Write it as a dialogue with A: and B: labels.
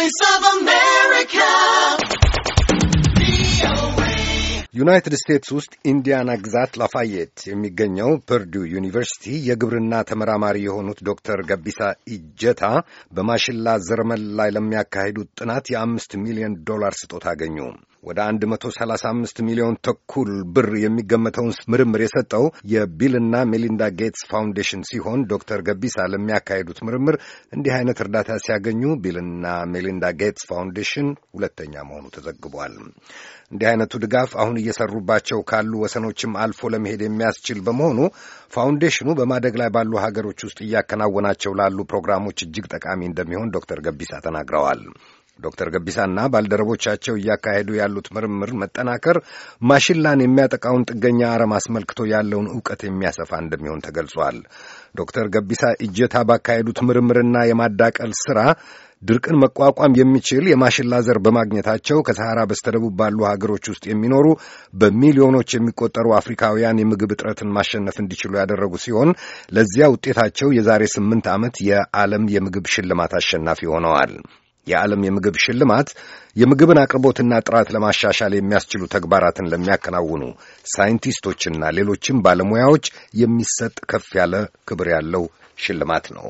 A: Voice of America. ዩናይትድ ስቴትስ ውስጥ ኢንዲያና ግዛት ላፋየት የሚገኘው ፐርዱ ዩኒቨርሲቲ የግብርና ተመራማሪ የሆኑት ዶክተር ገቢሳ ኢጀታ በማሽላ ዘርመል ላይ ለሚያካሂዱት ጥናት የአምስት ሚሊዮን ዶላር ስጦታ አገኙ። ወደ 135 ሚሊዮን ተኩል ብር የሚገመተውን ምርምር የሰጠው የቢልና ሜሊንዳ ጌትስ ፋውንዴሽን ሲሆን ዶክተር ገቢሳ ለሚያካሄዱት ምርምር እንዲህ አይነት እርዳታ ሲያገኙ ቢልና ሜሊንዳ ጌትስ ፋውንዴሽን ሁለተኛ መሆኑ ተዘግቧል። እንዲህ አይነቱ ድጋፍ አሁን እየሰሩባቸው ካሉ ወሰኖችም አልፎ ለመሄድ የሚያስችል በመሆኑ ፋውንዴሽኑ በማደግ ላይ ባሉ ሀገሮች ውስጥ እያከናወናቸው ላሉ ፕሮግራሞች እጅግ ጠቃሚ እንደሚሆን ዶክተር ገቢሳ ተናግረዋል። ዶክተር ገቢሳና ባልደረቦቻቸው እያካሄዱ ያሉት ምርምር መጠናከር ማሽላን የሚያጠቃውን ጥገኛ አረም አስመልክቶ ያለውን እውቀት የሚያሰፋ እንደሚሆን ተገልጿል። ዶክተር ገቢሳ እጀታ ባካሄዱት ምርምርና የማዳቀል ስራ ድርቅን መቋቋም የሚችል የማሽላ ዘር በማግኘታቸው ከሰሐራ በስተደቡብ ባሉ ሀገሮች ውስጥ የሚኖሩ በሚሊዮኖች የሚቆጠሩ አፍሪካውያን የምግብ እጥረትን ማሸነፍ እንዲችሉ ያደረጉ ሲሆን ለዚያ ውጤታቸው የዛሬ ስምንት ዓመት የዓለም የምግብ ሽልማት አሸናፊ ሆነዋል። የዓለም የምግብ ሽልማት የምግብን አቅርቦትና ጥራት ለማሻሻል የሚያስችሉ ተግባራትን ለሚያከናውኑ ሳይንቲስቶችና ሌሎችም ባለሙያዎች የሚሰጥ ከፍ ያለ ክብር ያለው ሽልማት ነው።